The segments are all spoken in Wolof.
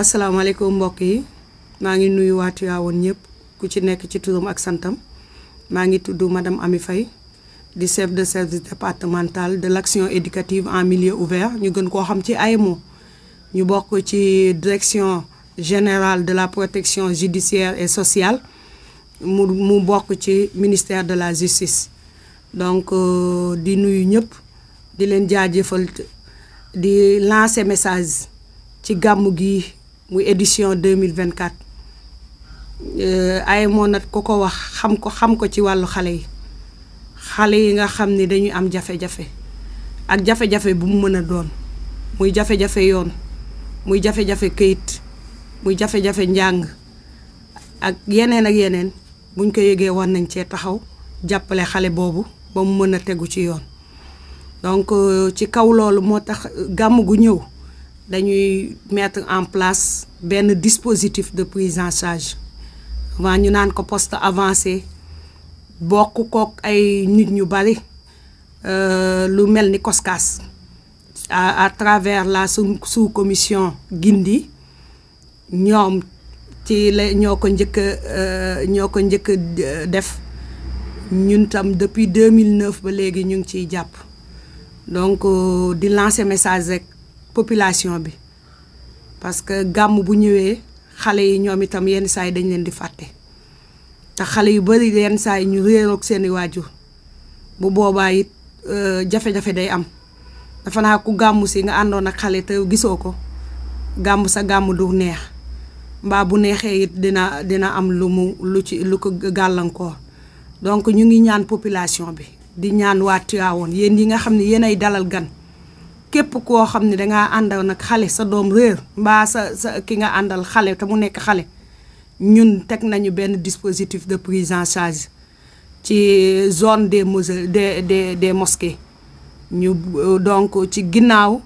asalaamaaleykum mbokk yi maa ngi nuyu waa woon ñëpp ku ci nekk ci turam ak santam maa ngi tudd madame ami fay di chef de service départemental de l'action éducative en milieu ouvert ñu gën koo xam ci ay moo ñu bokk ci direction générale de la protection judiciaire et sociale mu mu bokk ci ministère de la justice donc euh, di nuyu ñëpp di leen jaajëfal di lancer message ci gàmm gi muy édition 2024 euh, AEMO nag ku ko wax xam ko xam ko ci wàllu xale yi xale yi nga xam ni dañuy am jafe-jafe ak jafe-jafe bu mu mën a doon muy jafe-jafe yoon muy jafe-jafe këyit muy jafe-jafe njàng ak yeneen ak yeneen buñ ko yëgee war nañ cee taxaw jàppale xale boobu ba mu mën a tegu ci yoon donc euh, ci kaw loolu moo tax gàmm gu ñëw dañuy mettre en place un dispositif de prise en charge avant ñu naan ko poste avancé bokk kook ay nit ñu bari euh, lu à travers la sous commission gindi nous ci la ñoo ko njëkk a euh, euh, def ñun tam depuis 2009 ba léegi ñu ngi ciy donc di lancer message population bi parce que gamu bu ñëwé xalé yi ñom itam yenn saa dañ leen di faté ta xalé yu bari yenn saa ñu ñu ak seen waju bu boba yi euh, jafe-jafe day am dafa na ku gamu si nga àndoon ak te gisoko gamu sa gamu du neex mba bu it dina dina am lu mu lu ci lu ko gàllankoor donc ñu ngi ñaan population bi di ñaan wa Tiwaawoon yeen yi nga xamni yeen ay dalal gan képp koo xam ne dangaa àndal nag xale sa doom réer mbaa sa sa ki nga àndal xale te mu nekk xale ñun teg nañu benn dispositif de prise en charge ci zone des mos des des des mosquées ñu euh, donc ci ginnaaw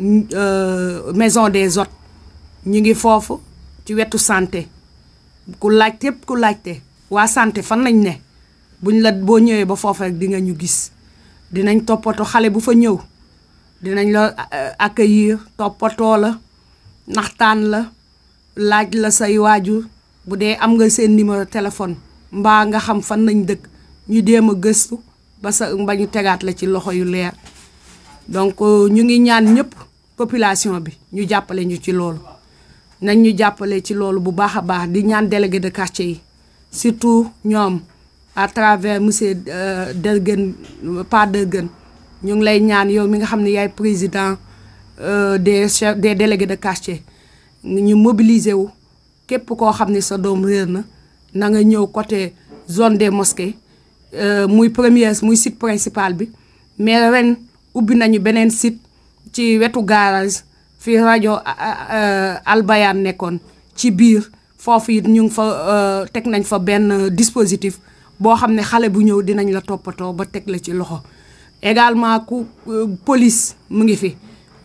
euh, maison des hôtes ñu ngi foofu ci wetu santé ku laaj képp ku laajte waa santé fan lañ ne buñ la boo ñëwee ba foofu rek di nga ñu gis dinañ toppatoo xale bu fa ñëw dinañ la euh, accueillir toppatoo la naxtaan la laaj la say waajur bu dee am nga seen numéro téléphone mbaa nga xam fan nañ dëkk ñu dem a gëstu ba sa ba ñu tegaat la ci loxo yu leer donc euh, ñu ngi ñaan ñëpp population bi ñu jàppale ñu ci loolu nañ ñu jàppale ci loolu bu baax a baax di ñaan délégué de quartier yi surtout ñoom à travers monsieur euh, Dergen pas Dergen ñu ngi lay ñaan yow mi nga xam ni yaay président euh, des chefs des délégués de quartier ñu mobiliser wu képp koo xam ne sa doom réer na na nga ñëw côté zone des mosquées euh, muy première muy site principal bi mais ren ubbi nañu beneen site ci wetu garage fii rajo euh, Albayaan nekkoon ci biir foofu it ñu ngi fa teg nañ fa benn dispositif boo xam ne xale bu ñëw dinañ la toppatoo ba teg la ci loxo également ku euh, police mu ngi fi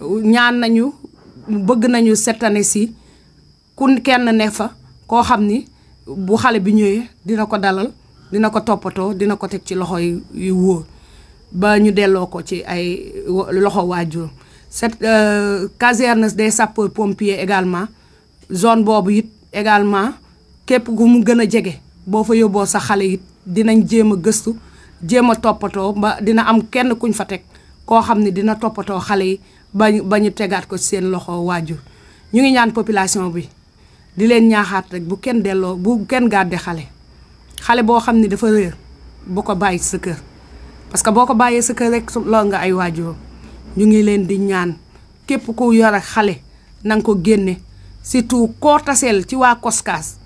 ñaan nañu bëgg nañu cette année ci ku kenn ne fa koo xam ni bu xale bi ñëwee dina ko dalal dina ko toppatoo dina ko teg ci loxo yu wóor ba ñu delloo ko ci ay loxo waajur cette euh, caserne des sapeurs pompiers également zone boobu it également képp ku mu gën a jege boo fa yóbboo sa xale it dinañ jéem a gëstu jéem a toppatoo ba dina am kenn kuñ fa teg koo xam ne dina toppatoo xale yi ba ba ñu tegaat ko seen loxo waajur ñu ngi ñaan population bi di leen ñaaxaat rek bu kenn delloo bu kenn gàdde xale xale boo xam ne dafa réer bu ko bàyyi sa kër parce que boo ko bàyyee sa kër rek lool nga ay waajur ñu ngi leen di ñaan képp ku yore xale na nga ko génne surtout koo taseel ci waa koskaas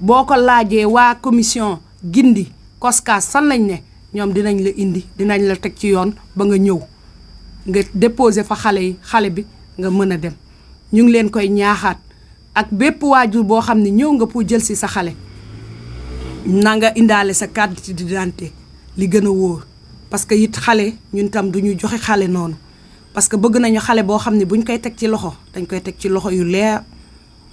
boo ko laajee waa commission gindi koskaas san lañ ne ñoom dinañ la indi dinañ la teg ci yoon ba nga ñëw nga déposer fa xale yi xale bi nga mën a dem ñu ngi leen koy ñaaxaat ak bépp waajur boo xam ne ñëw nga pour jël si sa xale na nga indaale sa carte d'identité li gën a wóor parce que it xale ñun tam duñu joxe xale noonu parce que bëgg nañu xale boo xam ne buñ koy teg ci loxo dañ koy teg ci loxo yu leer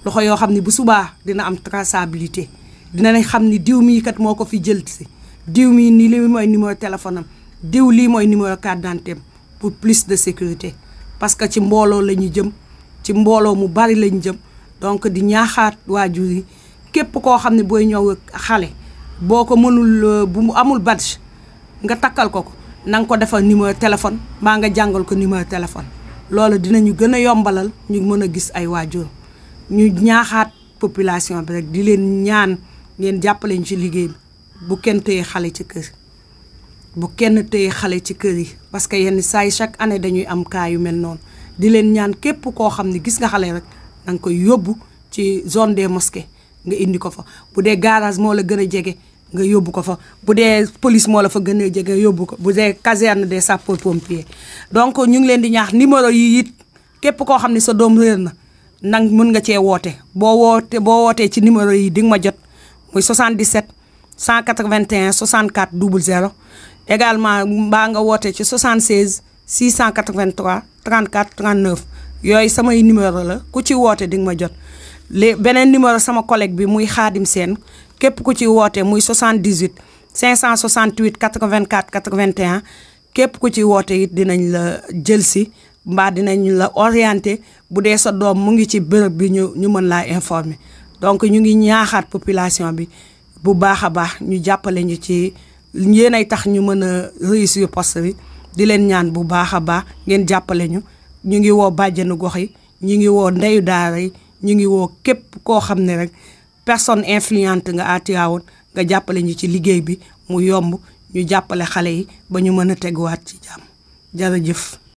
loxo yoo xam ne bu subaa dina am traçabilité dina nañ xam ni diw mii kat moo ko fi jël si diw mii nii lii mooy numéro téléphone am diw lii mooy numéro carte d'identité am pour plus de sécurité parce que ci mbooloo la ñu jëm ci mbooloo mu bari la jëm donc di ñaaxaat waajur yi képp koo xam ne booy ñëw xale boo ko mënul euh, bu mu amul badge nga takkal ko ko na nga ko defal numéro téléphone maa nga jàngal ko numéro téléphone loolu dinañu gën a yombalal ñu mën a gis ay waajur ñu ñaaxaat population bi rek di leen ñaan ngeen jàppale ñu ci liggéey bi bu kenn téye xale ci kër bu kenn téye xale ci kër yi parce que yenn saa yi chaque année dañuy am cas yu mel noonu di leen ñaan képp koo xam ni gis nga xale rek na nga koy yóbbu ci zone des mosquées nga indi ko fa bu dee garage moo la gën a jege nga yóbbu ko fa bu dee police moo la fa gën a jege yóbbu ko bu dee caserne des sapeurs pompiers donc ñu ngi leen di ñaax numéro yii it képp koo xam ne sa doom réer na nang mën nga cee woote boo woote boo wootee ci numéro yi di nga ma jot muy 77 181 64 00 également mbaa nga wootee ci 76 683 34 39 yooyu samay numéro la ku ci woote di nga ma jot lé beneen numéro sama collègue bi muy Xaadim Seen képp ku ci woote muy 78 568 84 81 képp ku ci woote it dinañ la jël si mbaa dinañ la orienté bu dee sa doom mu ngi ci bërëb bi ñu ñu mën laa informer donc ñu ngi ñaaxaat population bi bu baax a baax ñu jàppale ñu ci yéen ay tax ñu mën a réussir poste bi di leen ñaan bu baax a baax ngeen jàppale ñu ñu ngi woo bàjjenu gox yi ñu ngi woo ndeyu daara yi ñu ngi woo képp koo xam ne rek personne influente nga aatiyaawoon nga jàppale ñu ci liggéey bi mu yomb ñu jàppale xale yi ba ñu mën a teguwaat ci jàmm jërëjëf